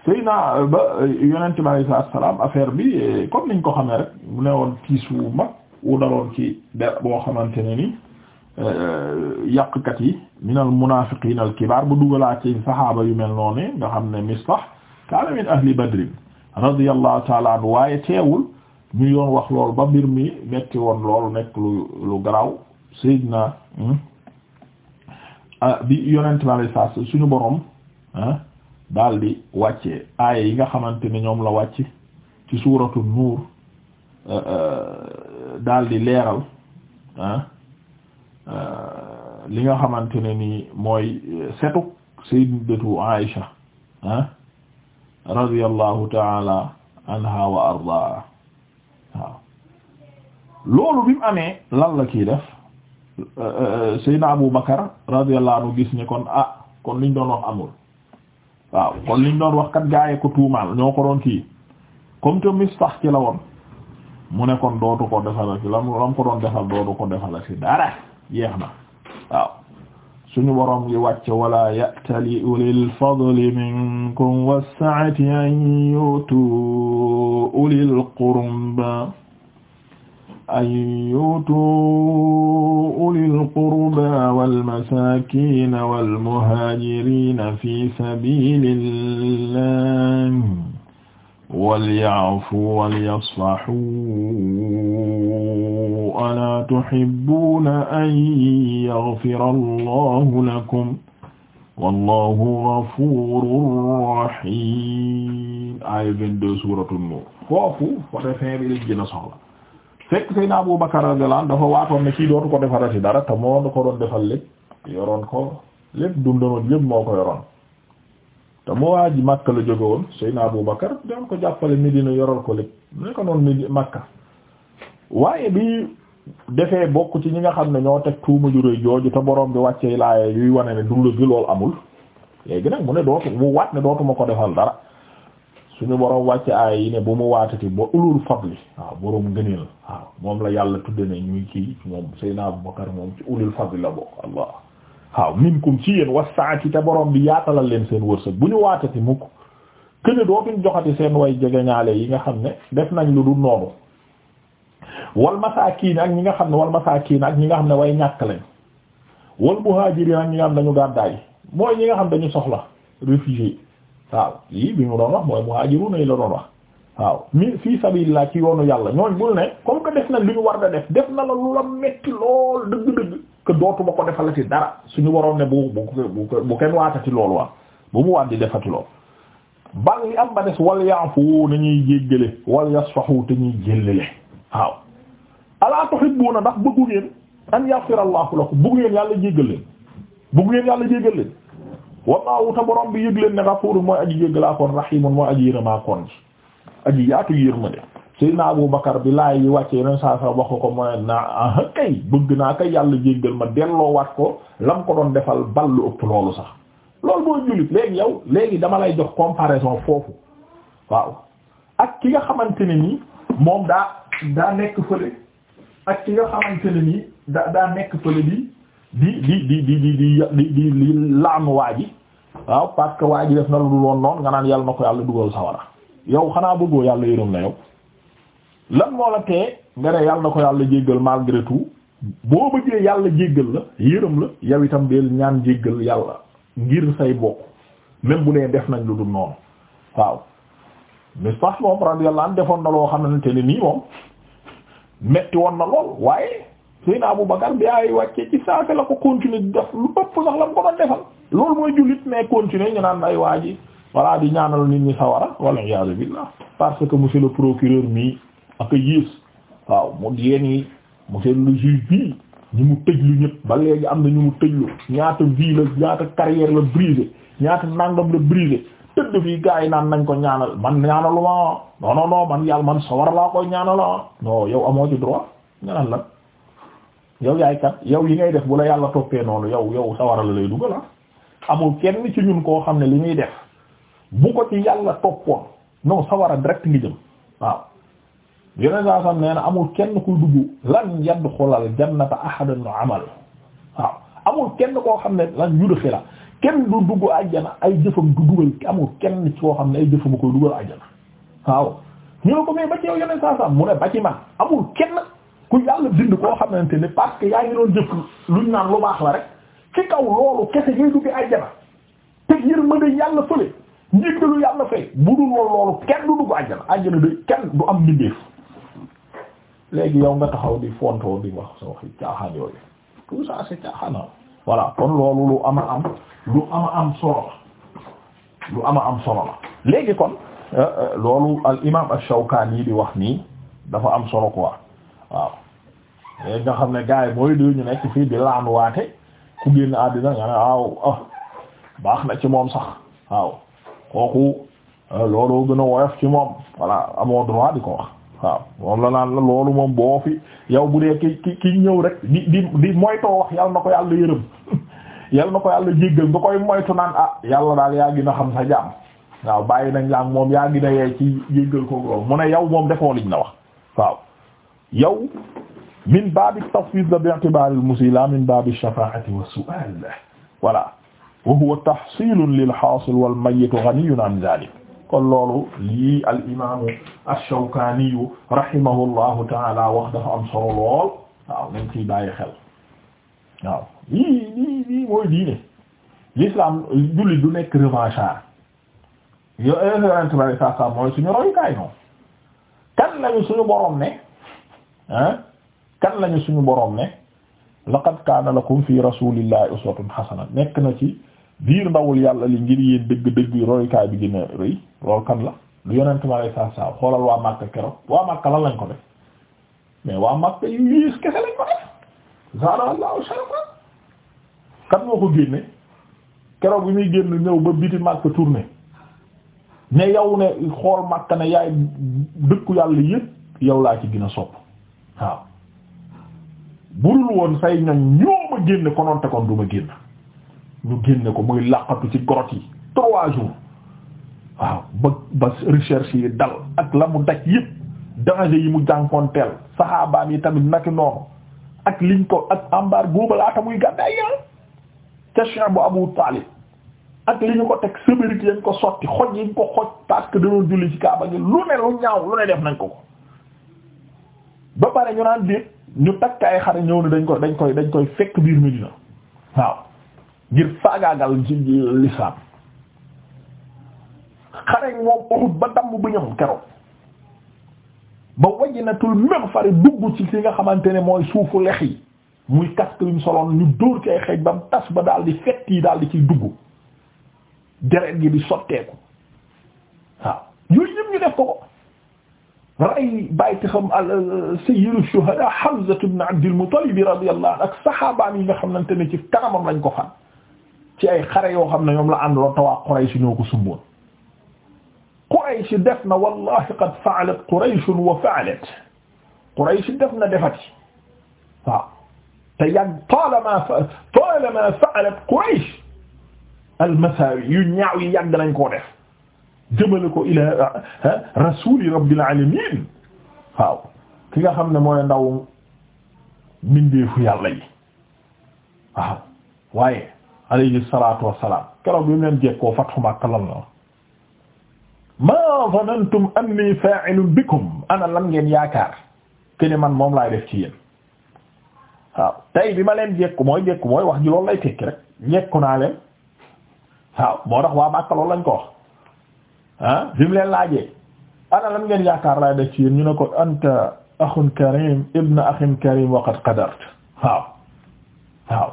S1: sëy naa euh, ba euh, yonente salaam affaire bi comme niñ ko xamee rek mu ne woon tiisu mag wu daloon ci boo xamante ne ni yàqkat yi minal munaafiqiin al kibaar bu dugalaa ci saxaaba yu mel noonu nga xam ne Mistah kaana min ahli badrin radiyallahu taala waaye teewul ñu doon wax loolu ba mbir mi metti woon loolu nekk lu lu garaaw Seydina hmm? ah, bi yonent bi alay suñu boroom ah, daal di wàcce yi nga xamante ne ñoom la wàcc ci suuratu nuur eh, eh, daal leeral ah, eh, li nga xamante ne ni mooy setuk sayyidatu Aisha radiyallahu ta'ala anha wa ardaha loolu bi amee lan la kii def euh, euh, Seydina Abu Bakar radiyallahu anhu gis ni kon ah kon liñ doon wax amul waaw kon liñ doon wax kat gaaye ko tuumaal ñoo ko doon kii comme que mistax ci la woon mu ne kon dootu ko defal ci lam lam ko doon defal dootu ko defal ci dara yeex na waaw suñu borom gi wàcc wala ya'tali ulil fadli minkum was an yu'tu ulil qurba an yu'tuu ulil qurba wal masaakina wal muhaajiriina fi sabiilillaahi walya'fuu walyasfahuu alaa tuhibbuuna an yaghfira allaahu lakum wallaahu ghafuurun rahiim. aaya 22 suuratul Nuur. foofu côté fin bi lañ gën a soxla. fekk Seydina Abu Bakar radiyallahu anhu dafa waatoon ne kii dootu ko defarati dara te moo ko doon defal lépp yoroon ko lépp dundaloon yépp moo ko yoroon te mu waa ji Makka la jóge woon Seydina Abu Bakar doon ko jàppale Medina yoral ko lépp ne ko noonu Medina Makka waaye bi defee bokk ci ñi nga xam ne ñoo teg tuuma ju rëy jooju te borom bi wàccee laaya yuy wane ne dund bi loolu amul léegi nag mu ne dootu mu waat ne dootuma ko defal dara suñu borom wàcc aay yi ne bu mu waatati ba ulul fadli waaw borom gëneel waaw moom la yàlla tudde ne ñuy kii moom Seydina Abubakar moom ci ulul fadli la bokk allah waaw minkum ci yéen wasaati te boroom bi yaatalal leen seen wërsëg bu ñu waatati mukk këne dootuñ joxati seen way jegeñaale yi nga xam ne def nañ lu du noonu wal masaakiin ak ñi nga xam ne wal masaakiin ak ñi nga xam ne way ñàkk lañ wal muhaajiriin ak ñi nga xam ne dañu gàddaay mooy soxla waaw lii bi mu doon wax mooy muhaajiruuna yi la doon wax waaw mi fii sabilillah ci yoonu yàlla ñooñ bul ne comme que def na lu ñu war da def def na la lu la metti lool dëgg-dëgg que dootuma ko defalati dara suñu waroon ne bu bu bu kenn waatati loolu waa bu mu waat di defati loolu ba li am ba des wal yaafu nañuy jéggale wal yasfahu te ñuy jéllale waaw alaa tuhibbuuna ndax bëggu ngeen an yaghfira allahu lakum bëggu ngeen yàlla jéggal leen bëggu ngeen yàlla jéggal leen wallaahu te borom bi yëg leen ne gafuur mooy aji yëggalaa koon rahimun mooy aji yërëmaa koon ji aji yaatu yërmande Seydina Abu Bakar bi laay yi wàcce yeneen saa saa wax ko mooy naa ah, kay bëgg naa kay yàlla jéggal ma delloo waat ko lam ko doon defal bal lu ëpp loolu sax lool mooy jullit léegi yow léegi dama lay jox comparaison foofu waaw ak ki nga xamante ne nii moom daa daa nekk fële ak ki nga xamante nii daa daa nekk fële bi di di di di di laanu waa ji waaw parce waa ji def na lu dul woon noonu nga naan yàlla na ko yàlla dugal sawara yow xanaa bëggoo yàlla yërëm la yow lan moo la tee nga ne yàlla na ko yàlla jéggal malgré tout boo bëggee yàlla jéggal la yërëm la yow itam del ñaan jéggal yàlla ngir say bokk même bu nee def nañ lu dul noonu waaw mais sax moom radiyallahu defoon na loo xamante ne nii moom waaye Seydina Abu Bakar bi ay wàccee ci saase la ko continuer di lu ëpp sax la mu ko doon defal loolu mooy jullit mais continuer ñu naan ay waa ji voilà ñaanal nit ñi sawara wala iyaazu billah parce que monsieur le procureur mii ak yées waaw mu yéen yi monsieur le juge bii ñu mu tëjlu ñëpp ba léegi am na ñu mu tëjlu ñaata vie la ñaata carrière la brisé ñaata nangam la brisé tëdd fii gars yi naan nañ ko ñaanal man ñaanalu ma non non man yàlla man sawara laa ko ñaanal ah non yow amoo ci droit yow yaay kat yow yi ngay def bu la yàlla toppee noonu yow yow sawara la lay dugal ah. amul kenn ci ñun koo xam ne li muy def bu ko ci yàlla toppoon non sawara direct ngi jëm waaw yeneen saa sax nee na amul kenn kuy dugg lan yadxulal jannata ahadun amal waaw amul kenn koo xam ne lan yudxila kenn du dugg àjjana ay jëfam du dugal amul kenn ci koo xam ne ay jëfam koy dugal àjjana waaw ñu ne ko mais ba ci yow yeneen saa mu ne ba ci man amul kenn. ku yàlla bind koo xamante ne parce que yaa ngi doon jëf luñ naan lu baax la rek ci kaw loolu kese ngay dugg àjjana te yërmande yàlla fële njéggalu yàlla fay bu dul woon loolu kenn du dugg àjjana àjjana day kenn du am mbindeef léegi yow nga taxaw di fontoo di wax sa waxi caaxaan yooyu tout ça c'est caaxaan voilà kon loolu lu ama am lu ama am solo la lu ama am solo la léegi kon euh, euh, loolu al imam ash-Shawkani yi di wax nii dafa am solo quoi waaw léegi nga xam ne gars yi mooy ñu nekk fii di laan waate ku génn àddina nga ne waaw ah, baax na ci moom sax waaw kooku euh, loolu gën a woyof ci moom voilà amoo droit di ko wax waaw moom la naan la loolu moom boo fi yow bu dee ki ki ki ñëw rek di di di moytoo wax yal na ko yàlla yërëm (laughs) yal na ko yàlla jéggal nga koy moytu naan ah yàlla daal yaa gën a xam sa jàmm waaw bàyyi nañ la moom yaa gën a yey ci jéggal ko mu ne yow moom de liñ na wax waaw. yow min baabi tafwid la bi'tibaar al-musii la min baabi ash-shafaa'ati wa su'aal voilà wa huwa tahsiilun lil haasil wal mayyit ghaniyyun an dhaalik kon loolu lii al imaamu ash-Shawkaaniyu rahimahullahu ta'aala wax dafa am solo lool waaw nañ ciy bàyyi xel waaw lii lii lii mooy diine l'islam julli du nekk revanchard yo- yo- yo- mooy suñu royukaay noonu kan lañu suñu borom ne ah kan lañu suñu boroom ne laqad kaana lakum fi rasulillahi uswatun hasana nekk na ci biir ndawul yàlla li ngir yéen dëgg-dëgg roykaay bi gën a rëy loolu kan la lu yonent ma lay saa saa xoolal waa Makka keroog waa Makka lan lañ ko def mais waa Makka yu yiis kese lañ ko def zaara Allahu sharafan kan moo ko génne keroog bi muy génn ñëw ba biti Makka tourné ne yow ne xool Makka ne yaay dëkku yàlla yépp yow laa ci gën a sopp waaw burul woon say ñoñ ñoo ma génn konoon kon du ma génn ñu génn ko muy làqatu ci grotte yi trois jours waaw ba ba recherche yi ak la mu daj yëpp danger yi mu jànkoonteel saxaabaam yi tamit naki noonu ak liñ ko ak embargo ba laata muy gàddaay yaa ca chambre Abu Talib ak li ñu ko teg sévérité yañ ko sotti xoj yi ñu ko xoj parce que danoon julli ci kaaba gi lu ne lu ñaaw lu ne def nañ ko ko ba pare ñu naan déet ñu takk ay xare ñëw ne dañ koy dañ koy dañ koy fekk biir Medina waaw ngir faagaagal ci lislaam xare moom ba damm bu ñëw keroog ba wajinatul Maghfar dugg ci li nga xamante ne mooy suufu lex yi muy casque lim soloon ñu dóor ci ay xeej bam tas ba daal fett yi daal di ciy dugg deret gi di sotteeku waaw yooyu yëpp ñu def ko ko ray bàyyi xam sayyidu shuhada Hamza ibn Abdul Muttalib radiyallahu anhu ak saxaabaam yi nga xamante ne ci kanamam lañ ko fan ci ay xare yoo xam ne ñoom la àndaloo tawaa Quraysh ñoo ko sumboon Quraysh def na wallahi qad fa'alat Quraysh wa fa'alat Quraysh def na defati waaw te yàgg talama talama fa'alat Quraysh al-masaawi yu ñaaw yi yàgg nañ koo def jëmale ko ila ah, ah, rasuli rabbil alamin waaw ki nga xam ne mooy ndaw mbindeefu yàlla yi waaw waaye alayhi salatu wassalam keroog bi mu leen jekkoo fathu Makka lan la ma zanantum anni fa'ilun bikum ana lan ngeen yaakaar kene man moom laay def ci yéen waaw tey bi ma leen jekku mooy jekku mooy wax ji loolu lay tekki rek jekku naa leen waaw moo tax waa Makka loolu lañ ko wax ah bi mu leen laajee ana lan ngeen yaakaar laay def ci yéen ñu ne ko anta akhun karim ibn akhin karim waqad qadart waaw waaw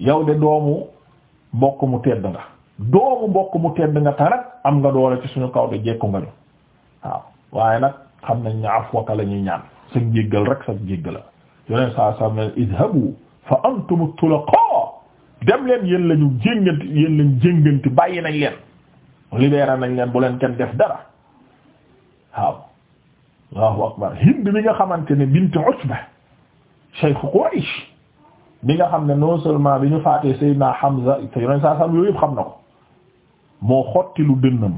S1: yow de doomu mbokk mu tedd nga doomu mbokk mu tedd nga tarak am nga doole ci suñu kaw de jekku nga ñu waaw waaye nag xam na ne afwaka lañuy ñuy ñaan sa njéggal rek sa njéggala yoneen saa saa mel idhabu fa antum tulaqa dem leen yéen la ñu jénganti yéen lañ bàyyi nañ leen libéré nañ leen bu leen kenn def dara waaw allahu akbar hind bi nga xamante ne bint utba shaykh quraish bi nga xam ne non seulement bi ñu faatee sayyidina hamza te yoneen saa sam yooyu yëpp xam na ko moo xotti lu dënnam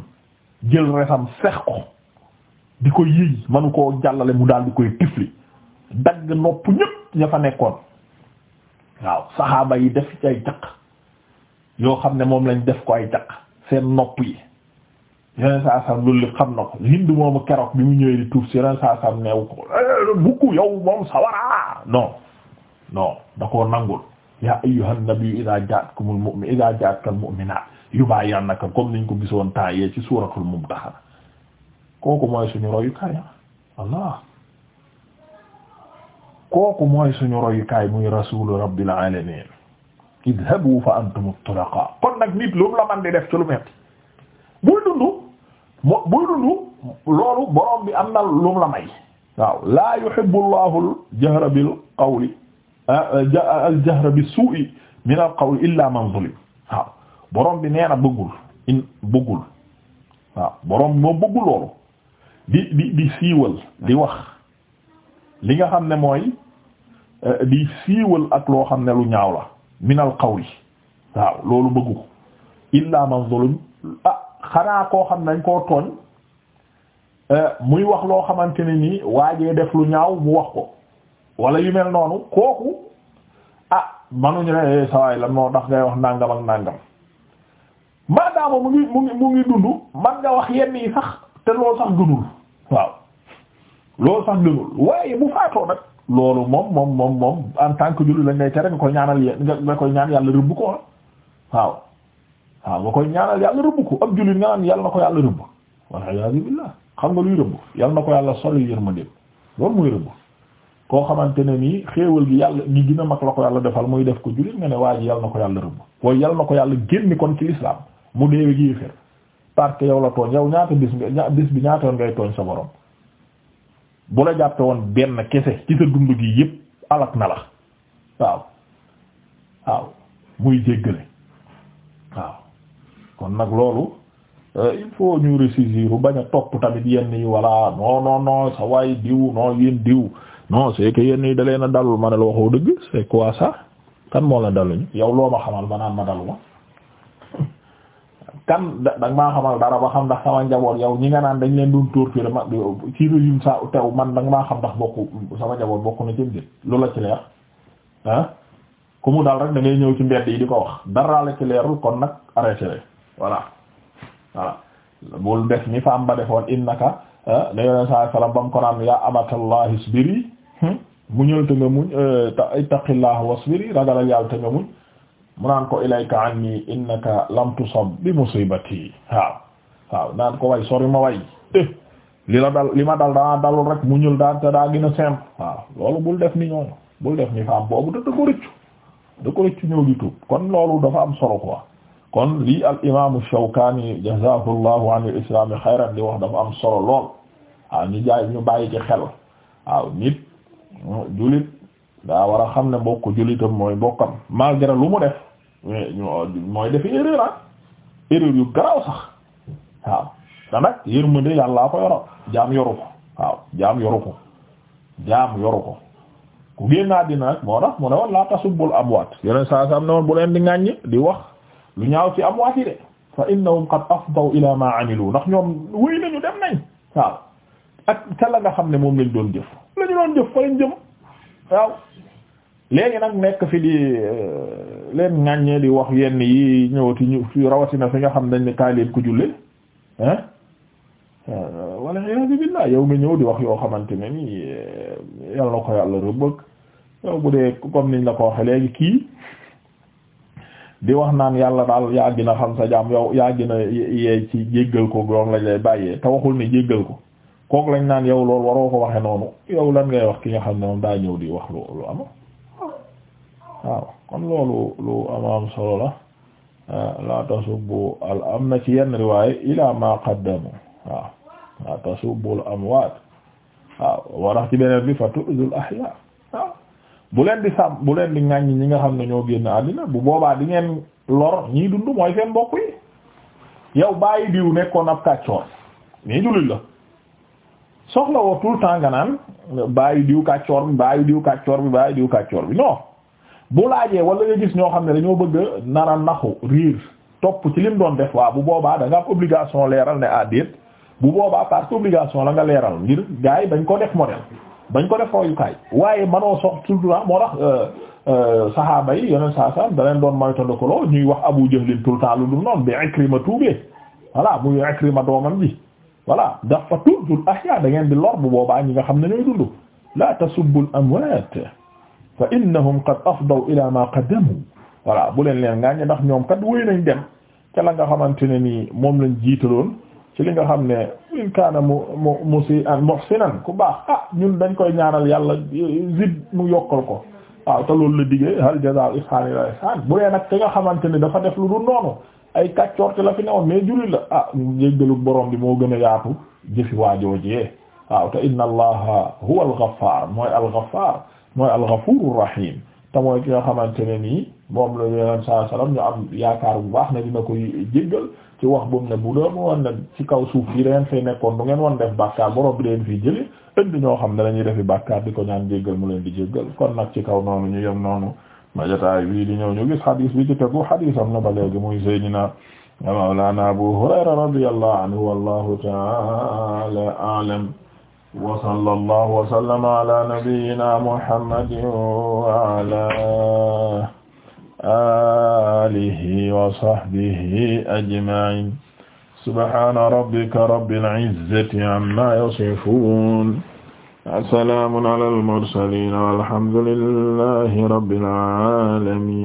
S1: jël resam sex ko di ko yëy manu koo jàllale mu daal di koy tifli dagg nopp ñëpp ña fa nekkoon waaw saxaaba yi def ci ay caq yoo xam ne moom lañ def ko ay caq seen nopp yi yeneen saa saam loolu lépp xam na ko Hind moomu bi mu ñëwee di tuub si yeneen saa saam neew eh, moom sawara non non da koo nangul yaa ayyuhan nabiyyu idhaa jaa'akumul mu'min idhaa jaa'akal mu'minaat yubaayi'naka comme niñ ko gisoon temps yee ci suuratul Mumtahana kooku mooy suñu royukaay Allah kooku mooy suñu royukaay muy rasuulu rabbil aalamiin idhabuu fa kon nag nit la man di mo buy dund loolu borom bi am na lum la may waaw laa yuhibbu llahu al-jahra bil qawli al-jahra bis-suu'i min al-qawli illa man zulim waaw borom bi nee na bëggul in bëggul waaw borom bi moom bëggul loolu di di di siiwal di wax li nga xam ne mooy e, di siiwal ak loo xam ne lu ñaaw la min al-qawli waaw loolu bëggu illa man zulim ah xanaa koo xam nañ koo tooñ euh, muy wax loo xamante ne nii waajee def lu ñaaw mu wax ko wala yu mel noonu kooku ah manuñu ne eh, sawaay lan moo tax ngay wax nàngam nàngam maadaama mu ngi mu ngi mu ngi dund man nga wax yenn yi sax te loolu sax gënul waaw loolu sax gënul waaye bu faatoo nag loolu moom moom moom moom en tant que lañ ngay tere nga koy ñaanal nga koy ñaan yàlla rëbb ko waaw waaw nga koy ñaanal yàlla rëbb ko ab jullit nga naan yàlla na ko yàlla rëbb waliyasu billah xam nga luy rëbb yàlla na ko yàlla soli yërmande loolu muy rëbb koo xamante ne nii xéewal gi yàlla gi gina a mag la ko yàlla defal muy def ko jullit nga ne waa yàlla na ko yàlla rëbb waaye yàlla na ko yàlla génni kon ci l'islam mu deewe gi yéeféer parce que yow la tooñ yow ñaata bis nga bis bi ñaata yoon ngay tooñ sa borom bu la jàppe woon benn kese ci sa dund gi yépp alak na kon nag loolu euh, il faut ñu ressaisir bañ a topp tamit yenn yi walla non non non sa waay diw non yéen diw non c'est yenn yi da leen a dalul ma ne la waxoo dëgg c'est quoi ça kan moo la daluñ yow loo ma xamal ma naan ma dalu ma (laughs) kan da nga xamal dara ba xam ndax sama njaboot yow ñi nga naan dañ leen doon torturer ma ci régime sa tew man da maa xam ndax bokku sama njaboot bokk na cëm jët loolu la ci leer ah ku mu dal rek da ñëw ci mbedd yi di ko wax dara la ci leerul kon nag arrêté voilà voilà bul def ni faam ba defoon innaka da yoneen saa sallam ba mu ko naan yaa amatallah isbiri muñal te nga muñ eh, ittaqillah wasbiri ragalal yàlla te nga muñ mu naan ko ilayka anni innaka lam tusab bi musibati waaw waaw naan ko way sori ma way eh, li la dal li ma dal daa dalul rek muñul daa te daa gën a waaw loolu bul def ni ñooñu bul def ni faam boobu te da ko rëccu da ko rëccu ñëw di tuub kon loolu dafa am solo quoi kon lii al imaamu Shawkaani jazaahullahu an di wax dafa am solo lool waaw ñu jaay ñu xel waaw nit jullit daa war a xam ne mbokk jullitam mooy mbokkam malgré lu mu def mooy defi erreur ah yu garaaw sax waaw te nag yërmande yàllaa ko yoro jaam yoru jaam yoru ko jaam yoru ko ku génn moo tax mu ne woon laa tasubbul amwaat yeneen saa saa ne woon bu leen di di wax lu ñaaw ci am waati de fa innahum qad afdaw ila ma amilu ndax ñoom wuy nañu dem nañ waaw ak ca la nga xam ne moom lañ doon jëf lañu doon jëf fa lañ jëm waaw léegi nag nekk fi di euh, leen ŋàññee di wax yenn yi ñëwati ñu fi rawatina fi nga xam dañ ne kaay leen ko jullee hein euh, walla iyaazu billaah yow nga ñëw di wax yoo xamante ne ni euh, yàlla na ko yàlla rëbbëg yow bu dee comme niñ la ko waxee léegi kii di wax naan yàlla daal yaa gën xam sa jaam yow yaa gën a yeey ci jéggal ko loolu lañ lay bàyyee te waxul ni jéggal ko kooku lañ naan yow loolu waroo ko waxe noonu yow lan ngay wax ki nga xam ne moom daa ñëw di wax lu lu am waaw kon loolu lu am solo la ah, la tasubbu al am na ci yenn riwaay ila ma qaddamu waaw ah, la tasubbu al amwaat waaw ah, warax ci beneen bi fa tu'zul waaw bu leen di sàmm bu leen di ŋàññi ñi nga xam ne ñoo génn àddina bu boobaa di ngeen lor ñii dund mooy seen mbokk yi yow bàyyi diw nekkoon ab kàccoor nii jullit la soxla woo tout le temps nga naan bàyyi diw kàccoor bi bàyyi diw kàccoor bi bàyyi diw kàccoor bi non bu ajee wala nga gis ñoo xam ne dañoo bëgg a nar naxu riir topp ci lim doon def waa bu boobaa da nga am obligation leeral ne àddeet ah bu boobaa parce que obligation la nga leeral ngir gars dañ ko def modèle bañ ko def royukaay waaye manoo sox surtout ah moo tax euh, euh, saxaaba yi yeneen saa saa da leen doon moytandikuloo ñuy wax Abu Jahl tout le temps lu dul noonu bi Ikrima tuubee voilà muy Ikrima doomam ji voilà dafa toujours ahya da ngeen di lor bu boobaa ñi nga xam ne ñooy dund la tasubbu al-amwaat fa innahum qad afdaw ila ma qaddamu voilà bu leen leen ngaañ ndax ñoom kat wéy nañ dem ca la nga xamante ne nii moom lañ jiitaloon ci li nga xam ne in kaana mu mu musi an ku baax ah ñun dañ koy ñaanal yàlla zid mu yokkal ko waaw te la diggee hal jazaa'u ihsaan illa ihsaan bu dee nag ki nga xamante ne dafa def lu du noonu ay kàccoorte la fi newoon mais jullit la ah jéggalu borom bi moo gën a yaatu jëfi waajoojee waaw te inna allaha huwa al-ghaffaar mooy al-ghaffaar mooy al-ghafuur rahiim te mooy ki nga xamante ne ni moom la yeneen saa salaam ñu am yaakaar bu baax ne dina koy jéggal ci wax boobu na bu doon woon ne ci kaw suuf yi da ngeen fay nekkoon du ngeen woon def bàkkaar borom bi leen fii jëlee indi ñoo xam ne dañuy defi bàkkaar di ko ñaan jéggal mu leen di jéggal kon nag ci kaw noonu ñu yem noonu majataay bii di ñëw ñu gis hadis bi ci tegu hadis am na ba léegi muy Seydina Mawlana Abu Hurayra radiyallahu anhu wallahu ta'ala a'lam wa sallallahu wa sallama ala nabiyyina Muhammadin wa ala alihi wa sahbihi ajma'in subhana rabbika rabbil izzati amma yasifun salamun ala al mursalin walhamdulillahi rabbil alamin